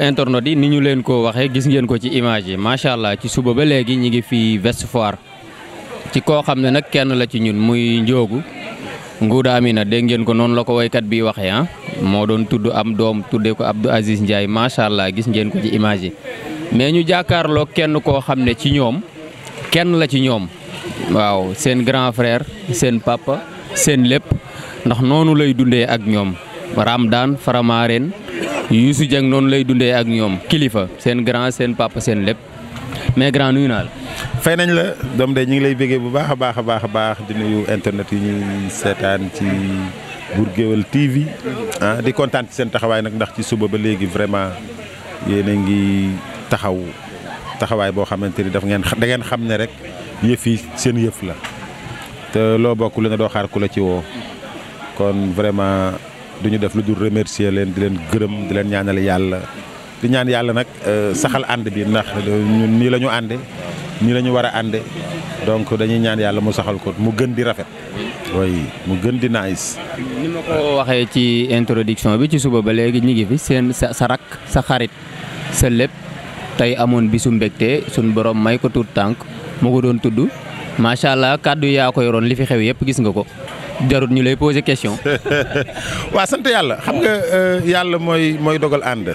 internet yi ni ñu leen ko waxee gis ngeen ko ci image yi macha allah ci suba ba léegi ñu ngi fii West Foire ci koo xam ne nag kenn la ci ñun muy Ndiogou Ngouda Amina dégg ngeen ko noonu la ko woykat bi waxee ah moo doon tudd am doom tuddee ko Abdou Aziz Ndiaye macha allah gis ngeen ko ci image yi mais ñu jàkkaarloo kenn koo xam ne ci ñoom kenn la ci ñoom waaw seen grand frère seen papa seen lépp ndax noonu lay dundee ak ñoom Ramadane Faramareen Youssou Dieng noonu lay dundee ak ñoom kilifa seen grand seen papa seen lépp mais grand nuyu naa la. fay nañ la doom de ñu ngi lay béggee bu baax a baax a baax a baax di nuyu internet yi ñuy seetaan ci Bour Gueweul TV ah di kontaan ci seen taxawaay nag ndax ci suba ba léegi vraiment yéen ngi taxaw taxawaay boo xamante ni daf ngeen da ngeen xam ne rek yëf yi seen yëf la te loo bokk lu ne doo xaar ku la ci woo kon vraiment. duñu def lu dul remercier leen di leen gërëm di leen ñaanal yàlla di ñaan yàlla nag euh, saxal ànd bi ndax ñun nii la ñu ànde nii la ñu war a ànde donc dañuy ñaan yàlla mu saxal ko mu gën di rafet oui mu gën di nice ni waxee ci introduction bi ci suba ba léegi ñu ngi fi seen sa sa rakk sa xarit sa lépp tey amoon bi su mbégte suñ borom may ko tuut tànk mu ko doon tudd macha allah kàddu yaa ko yoroon li fi xew yëpp gis nga ko jarut ñu lay poser question. waa sant yàlla xam nga euh, yàlla mooy mooy dogal ànd.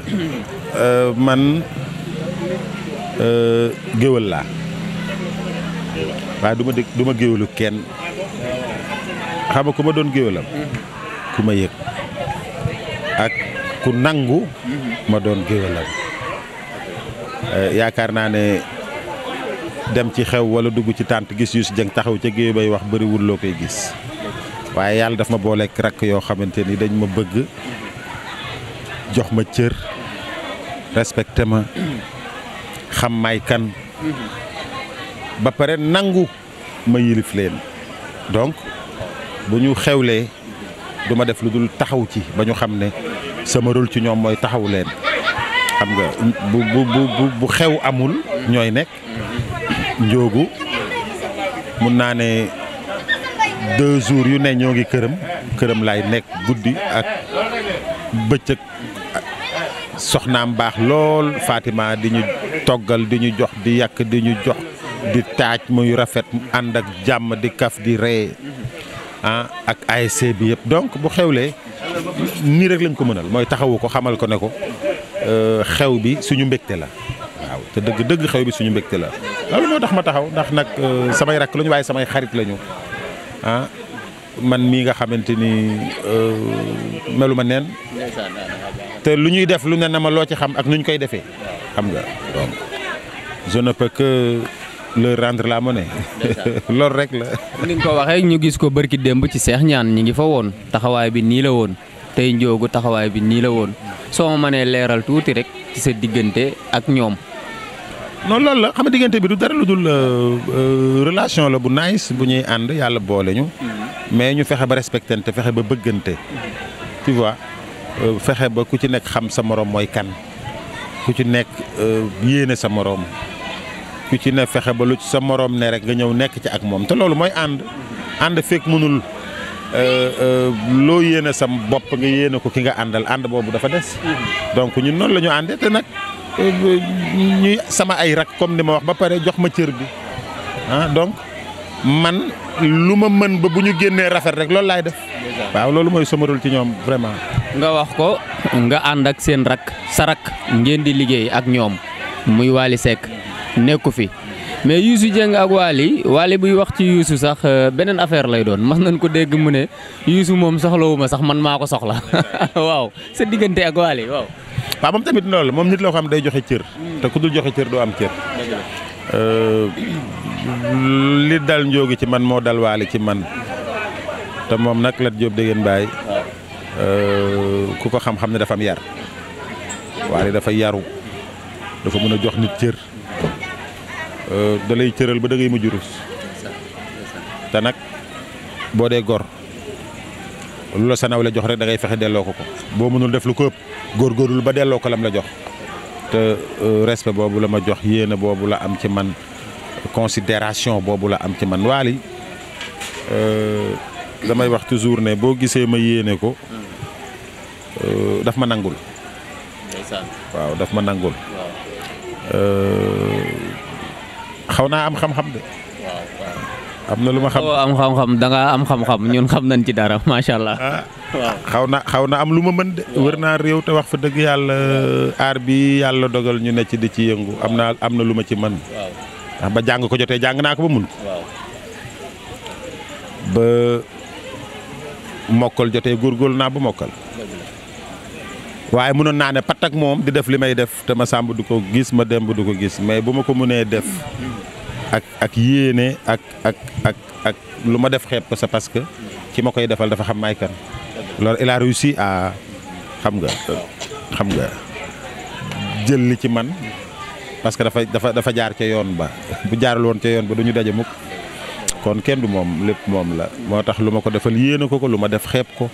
Euh, man euh, géwël laa waaye du ma dégg du ma géwëlu kenn xam nga ma doon géwëlam ku ma yëg ak ku nangu ma doon géwëlam yaakaar naa ne dem ci xew wala dugg ci tànt gis Youssou Dieng taxaw ca géew wax bariwul loo koy gis waaye yàlla daf ma booleeg rakk yoo xamante ni dañ ma bëgg jox ma cër respecté ma xam may kan ba pare nangu ma yilif leen donc bu ñu xewlee duma def lu dul taxaw ci ba ñu xam ne sama rôle ci ñoom mooy taxaw leen xam nga bu bu bu bu xew amul ñooy nekk njoogu mun naa ne deux jours yu ne ñoo ngi këram këram laay nekk guddi ak bëccëg soxnaam baax lool Fatima di ñu toggal di ñu jox di yàkk di ñu jox di taaj muy rafet ànd ak jàmm di kaf di ree ah, ak ASC bi yëpp donc bu xewlee nii rek lañ ko mënal mooy taxawu ko xamal ko ne ko euh, xew bi suñu mbégte la waaw te dëgg dëgg xew bi suñu mbégte la moo tax ma taxaw ndax nag euh, samay rakk lañu waaye samay xarit lañu. Ah, man mii nga xamante ni euh, melu ma neen te lu ñuy def lu ne na ma loo ci xam ak nu ñu koy defee xam nga donc je ne peux que leur rendre la monnaie loolu rek la. ni nga ko waxee ñu gis ko bërki démb ci seex ñaan ñi ngi fa woon taxawaay bi nii la woon tey njoogu taxawaay bi nii la woon soo ma mënee leeral tuuti rek ci sa diggante ak ñoom. non loolu la xam nga diggante bi du dara lu dul euh, euh, relation la bu nice bu ñuy ànd yàlla boole mm-hmm. mais ñu fexe ba respecté fexe ba bëggante. Mm-hmm. tu vois euh, fexe ba ku ci nekk xam sa moroom mooy kan ku ci nekk yéene sa moroom ku ci ne fexe ba lu ci sa moroom ne rek nga ñëw nekk ci ak moom te loolu mooy ànd. ànd fekk mënul loo yéene sa bopp nga yéene ko ki nga àndal ànd boobu dafa des. Mm-hmm. donc ñun noonu la àndee te nag. ñuy sama ay rak comme ni ma wax ba pare jox ma cër bi ah donc man lu ma mën ba bu ñu génnee rafet rek loolu laay def. waaw loolu mooy sama ci ñoom vraiment. nga wax ko nga ànd ak seen rak sa rak ngeen di liggéey ak ñoom muy Wally Seck nekku fi. mais Youssou Dieng ak Wally Wally buy wax ci Youssou sax euh, beneen affaire lay doon mas nañ ko dégg mu ne Youssou moom soxlawuma sax man maa ko soxla waaw sa diggante ak Wally waaw. waaw moom tamit loolu moom nit la ko xam day joxe cër. te ku dul joxe cër doo am cër. Euh, li dal njoogi ci man moo dal waali ci man te moom nag Lat Diop Degen baay euh, ku ko xam-xam ne dafa am yar waali dafa yaru dafa mën a jox nit cër euh, da lay cëral ba da ngay mujj rus te nag boo dee gor lu la sa jox rek dangay fexe delloo ko ko boo mënul def lu ko ëpp góor góorul ba delloo ko lam la jox te euh, respect boobu la ma jox yéene boobu la am ci man considération boobu la am ci man Waly euh, damay wax toujours ne boo gisee ma yéene ko euh, daf ma nangul waaw daf ma nangul xaw naa am xam-xam de am na lu ma xam oh, am xam-xam am xam-xam ñun xam nañ ci dara macha allah. Ah. waaw xaw na xaw na am lu ma mën de. wër naa réew te wax fa dëgg yàlla aar bi yàlla dogal ñu ne ci di ci yëngu am na am na lu ma ci mën. ndax ba jàng ko jotee jàng naa ko ba mun. ba mokkal jotee góorgóorlu naa ba mokkal. waaye mënoon naa ne pat moom di def li may def te ma sàmb du ko gis ma demb du ko gis mais bu ma ko mënee def. Hmm. ak ak yéene ak ak ak ak lu ma def xeeb ko sa parce que ki ma koy defal dafa xam maay kan loolu il a réussi à xam nga xam nga jël li ci man parce que dafa dafa dafa jaar ca yoon ba bu jaarul woon ca yoon ba du ñu daje mukk kon kenn du moom lépp moom la moo tax lu ma ko defal yéene ko ko lu ma def xeeb ko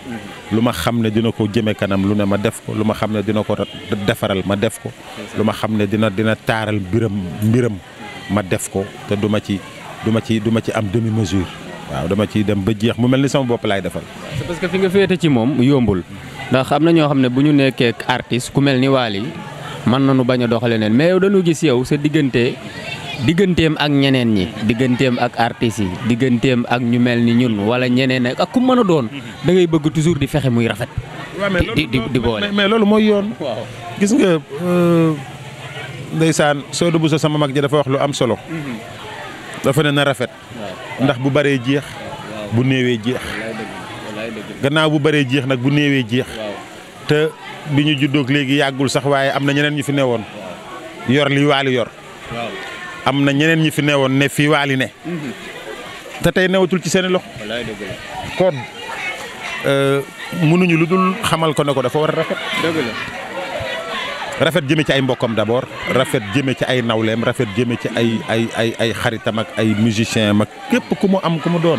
lu ma xam ne dina ko jëme kanam lu ne ma def ko lu ma xam ne dina ko defaral ma def ko lu ma xam ne dina dina taaral mbiram mbiram ma def ko te du ma ci du ma ci du ci am demi mesure waaw dama ciy dem ba jeex mu mel ni sama bopp laay defal. c'est parce que nga féete ci moom yombul ndax xam na ñoo xam ne bu ñu nekkee artiste ku mel ni Wally mën nu bañ a doxale neen mais yow dañu gis yow sa diggante digganteem ak ñeneen ñi digganteem ak artistes yi digganteem ak ñu mel ni ñun wala ñeneen ak ku mën a doon da ngay bëgg toujours di fexe muy rafet. di di di boole mais loolu mooy yoon. waaw ndeysaan soo dugg sama mag ji dafa wax lu am solo. dafa ne na rafet. ndax bu baree jeex. bu néewee jeex. gannaaw bu baree jeex nag bu néewee jeex. te bi ñu juddoog léegi yàggul sax waaye am na ñeneen ñu fi newoon. yor li waali yor. am na ñeneen ñi fi neewoon ne fi waali ne. Mhm. te tey newatul ci seen i loxo. kon euh, mënuñu lu dul xamal ko ne ko dafa war a rafet. dëgg rafet jëme ci ay mbokkam d'abord rafet jéme ci ay nawleem rafet jëme ci ay ay ay ay xaritam ak ay musicien mag képp ku mu am ku mu doon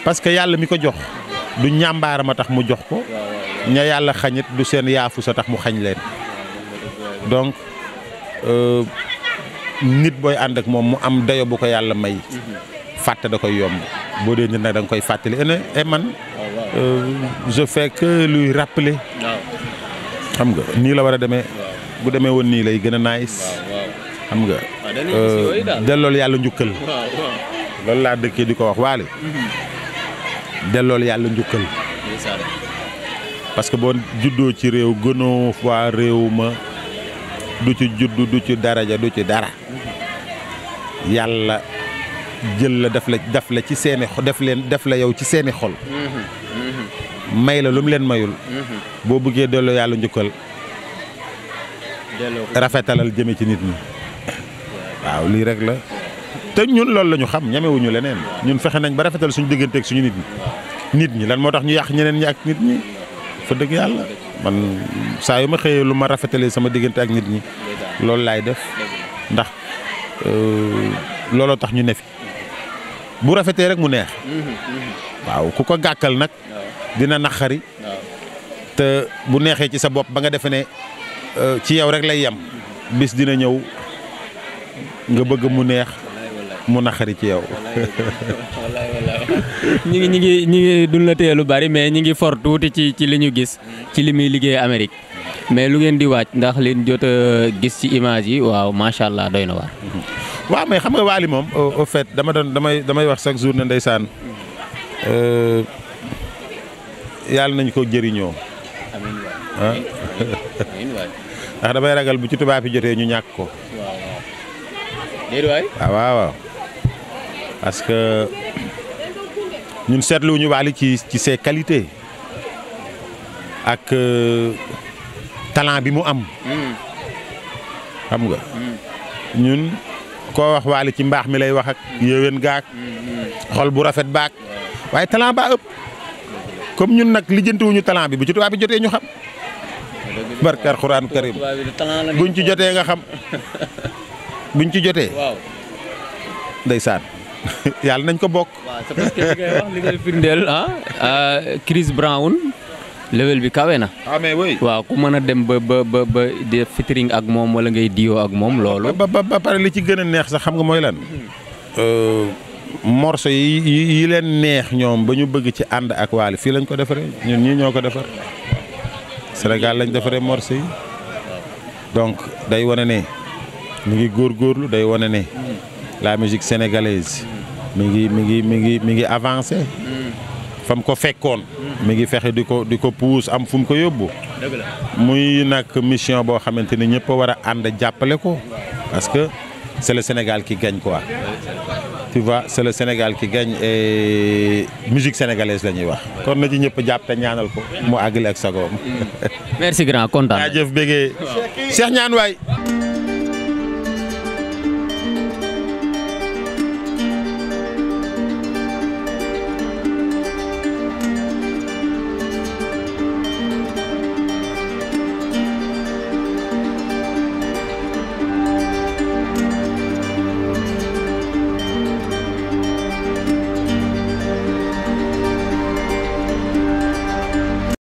parce que yàlla mi ko jox du ñàmbaara ma tax mu jox ko ña yàlla xañit du seen yaafu sa tax mu xañ leen donc euh, nit booy ànd ak moom mu am dayo bu ko yàlla may fàtte da koy yomb boo dee nit nag da koy fàttali et man euh, je fais que lui xam nga nii la war a demee. bu demee woon nii lay gën a nice. xam nga. Ah, euh, dellool yàlla njukkal. loolu laa dëkkee di ko wax waale. Mhm. dellool yàlla njukkal. parce que boo juddoo ci réew gënoo waa réew ma du ci juddu du ci daraja du ci dara. Mhm. yàlla jël la def la def la ci seeni def leen def la yow ci seeni xol. Mhm. may la lu mu leen mayul. Mhm. boo bëggee delloo yàlla njukkal. rafetalal jëme ci nit ñi. waaw lii rek la. te ñun loolu lañu xam ñemewuñu leneen ñun fexe nañ ba rafetal suñu digganteek suñu nit ñi. nit ñi lan moo tax ñu yàq ñeneen ñi ak nit ñi fa dëgg yàlla man saa yu ma xëyee lu ma rafetalee sama diggante ak nit ñi. loolu laay def ndax euh, looloo tax ñu ne fi bu rafetee rek mu neex. Mhm, mhm. waaw ku ko gàkkal nag. dina naqari te bu neexee ci sa bopp ba nga defe ne euh, ci yow rek lay yem bis dina ñëw nga bëgg mu neex mu naqari ci yow. ñu ngi ñu ngi ñu ngi duñ lu bari mais ñu ngi for tuuti ci ci li ñu gis ci li muy liggéey Amérique mais lu ngeen di waaj ndax liñ jot a gis ci image yi waaw macha allah doy na waar. waaw mais xam nga Waly moom au fait dama doon damay damay wax chaque jour ne ndeysaan euh, yàlla nañ ko jëriñoo. ndax ah. ah, damay ragal bu ci tubaab yi jotee ñu ñàkk ko. waaw waaw. déedéet ah, que ñun seetluwuñu Wally ci ci ses qualités ak euh, talent bi mu am. Hmm. xam nga. Hmm. ñun koo wax Wally ci mbaax mi lay wax ak. Hmm. yéwén gaak xol bu rafet baak waaye talent baa ëpp. comme ñun nag lijjantiwuñu talent bi bu ci tubaab bi jotee ñu xam. barke alxuraan karim buñ ci jotee nga xam buñ ci jotee. waaw ndeysaan yàlla nañ ko bokk. waaw c'est parce que ah, ah, Chris Brown. level bi kawe na. ah mais oui. waaw ku mën a dem ba ba ba ba di ak moom wala ngay diyo ak moom loolu. ba ba pare li ci gën a neex sax xam nga mooy lan. Hmm. Euh, morso yi yi leen neex ñoom ba ñu bëgg ci ànd ak waali fii lañ ko defaree ñun ñii ñoo ko defar Sénégal lañ defaree morso yi donc day wane ne mu ngi góor góorlu day wane ne la musique sénégalaise mi ngi mi ngi mi ngi mi ngi avancé fa mu ko fekkoon mu ngi fexe di ko di ko puus am fu mu ko yóbbu muy nag mission boo xamante ni ñëpp war a ànd jàppale ko parce que c'est le Sénégal qui gagne quoi tu vois c'est le Sénégal qui gagne et musique sénégalaise la ñuy wax kon na ci ñëpp jàpp te ñaanal ko mu àggale ak sagoom merci grand kontaan jaajëf bëggee Cheikh ñaan waay